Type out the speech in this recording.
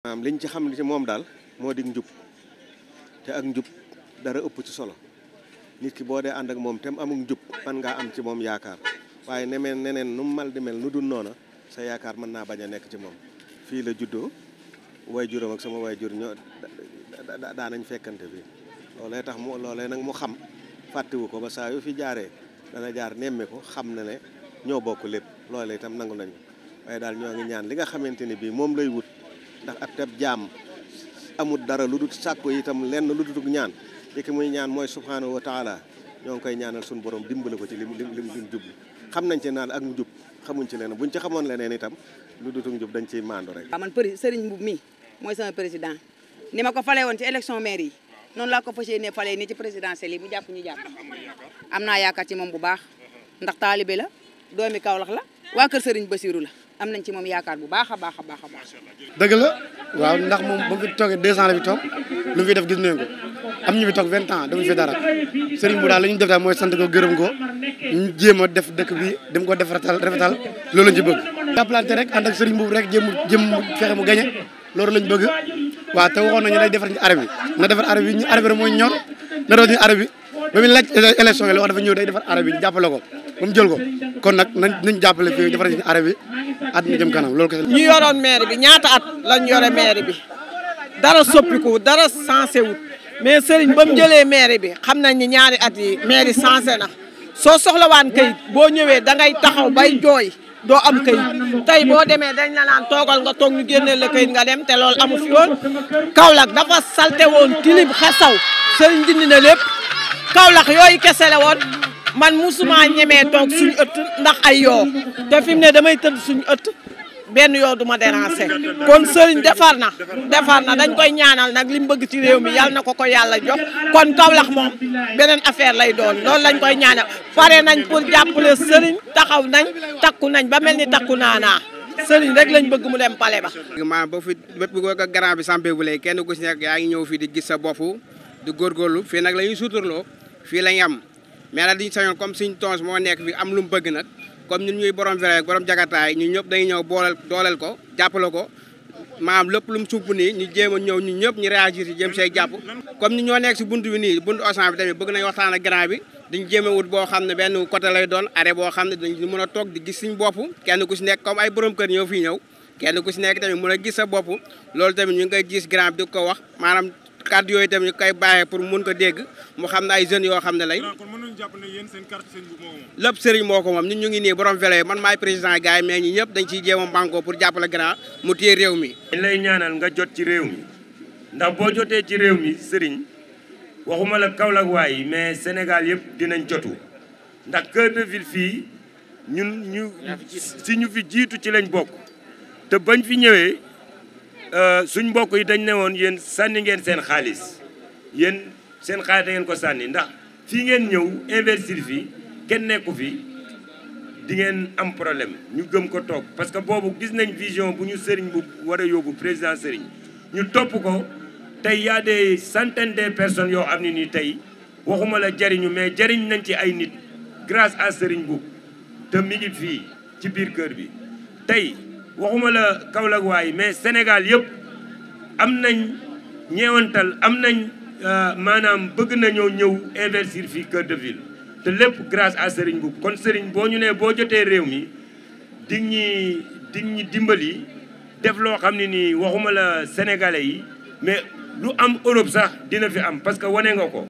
maanaam liñ ci xam ne ci moom daal moo di njub te ak njub dara ëpp ci solo nit ki boo dee ànd ak moom tem amul njub man ngaa am ci moom yaakaar waaye nemeen neneen nu mal di mel nu dul noona sa yaakaar mën naa bañ a nekk ci moom fii la juddoo way juróom ak sama way jur ñoo daanañ fekkante bi loolee tax mu loolee nag mu xam fàttiwu ko ba saa yu fi jaaree dana jaar nemme ko xam na ne ñoo bokk lépp loolee itam nangu nañu waaye daal ñoo ngi ñaan li nga xamante ni bii moom ndax ak teb jaam amul dara lu dul sàkko itam lenn lu dul ñaan li ki muy ñaan mooy subhanahu wa taala ñoo ngi koy ñaanal suñu borom dimbale ko ci lim lim lim lim jublu xam nañ ci naan ak mu jub xamuñ ci leneen buñ ci xamoon leneen itam lu dul jub dañ ciy maandu rek. waaw man përi sëriñ Mbuub mi mooy président ni ma ko falee woon ci élection yi noonu laa ko fas yéenee falee nii ci présidentielle yi mu jàpp ñu jàpp am naa yaakaar ci moom bu baax ndax taalibe la doomi lax la. waa kër Serigne Bassirou la am nañ ci moom yaakaar bu baax a baax a baax a baax. dëgg la waaw ndax moom ba fi toogee deux ans la fi toog lu mu fi def gis nañ ko am ñu fi toog vingt ans defuñu fi dara Serigne bu daal la ñu def mooy sant ko gërëm ko ñu jéem a def dëkk bi dem ko def rafetal rafetal loolu lañ ci bëgg. jàppalante rek ànd ak Serigne boobu rek jéem jéem fexe mu gañe loolu lañ bëgg waaw te waxoon nañu day defar ñu arab yi na defar arab ñu arab mooy ñor na doon ñu arab yi ba muy laaj élection yi la wax dafa ñëw day defar arab yi jàppale ko ba mu jël ko kon nag nañ nañ jàppale fii defar nañu arrêt bi at mi jëm kanam loolu kese. ñu yoroon maire bi ñaata at lañ yore maire bi dara soppiku dara sensé wut mais sëriñ ba mu jëlee bi xam nañ ni ñaari at yi maire sensé na soo soxlawaan kayit boo ñëwee da ngay taxaw bay jooy. doo am kayit tey boo demee dañ na naan toogal nga toog ñu génneel la kayit nga dem te lool amu fi woon Kaolack dafa salte woon tilib xesaw sëriñ dindi lépp Kaolack yooyu kese woon man musuma ñemee toog suñu ëtt ndax ay yoo te fi mu ne damay tëdd suñu ëtt benn yoo du ma déranger kon sëriñ defar na defar na dañ koy ñaanal nag li bëgg ci réew mi yàlla na ko ko yàlla jox kon Kaolack moom beneen affaire lay doon loolu lañ koy ñaanal pare nañ pour jàppale sëriñ taxaw nañ takku nañ ba mel ni takku naanaa sëriñ rek lañ bëgg mu dem pale ba. maanaam ba fi bépp ko garant bi sampé bu lay kenn ku si nekk yaa ngi ñëw fii di gis sa bopp di góorgóorlu fii nag lañu ñuy suturloo fii lañ am. mais nag diñu sañoon comme suñ toos moo nekk fi am lu mu bëgg nag comme ñun ñuy borom verre borom jagataay ñun ñëpp dañuy ñëw booleel dooleel ko jàppale ko maanaam lépp lu mu supp nii ñu jéem a ñëw ñu ñëpp ñu réagir si jéem see jàpp comme ni ñoo nekk si bunt bi nii buntu Auchan bi tamit bëgg nañ waxtaan ak grand bi dañu jéem a wut boo xam ne benn côté doon arrêt boo xam ne dañu mën a toog di gis suñ bopp kenn ku si nekk comme ay borom kër ñëw fi ñëw kenn ku si nekk tamit mën a gis sa bopp loolu tamit ñu gis grand bi ko wax maanaam kàddu yooyu tamit ñu koy bàyyee pour mun ko dégg mu xam ne ay jeunes yoo xam ne lañ. kon mën nañu jàpp ne yéen sëriñ moo ko moom. lépp ñu ngi nii borom vélo man maay président gars yi ñi ñëpp dañ ciy jéem a bànkoo pour jàppale grand mu téye réew mi. dañ lay ñaanal nga jot ci réew mi ndax boo jotee ci réew mi sëriñ waxuma kaw Kaolack waaye mais Sénégal yëpp dinañ jotu ndax cœur de fii ñun ñu si ñu fi jiitu ci lañ bokk te fi ñëwee Euh, suñ mbokk yi dañ ne woon yéen sànni ngeen seen xaalis yéen seen xaalis da ngeen ko sànni ndax fii ngeen ñëw investir fii kenn nekku fi di ngeen am problème ñu gëm ko toog parce que boobu gis nañ vision bu ñu sëriñ bu war a yóbbu président sëriñ ñu topp ko tey y a des centaines personnes yoo am ne nii tey waxuma la jariñu mais jariñ nañ ci ay nit grâce à sëriñ bu te mi ngi fii ci biir kër bi tey waxuma la Kaolack waay mais Sénégal yëpp am nañ ñeewantal am nañ euh, maanaam bëgg nañoo ñëw inversir fi cœur de ville te lépp grâce à Serigne Mboup kon Serigne boo ñu nee boo jotee réew mi dig ñi dig ñi dimbali def loo xam ne nii waxuma la sénégalais yi mais lu am Europe sax dina fi am parce que wane nga ko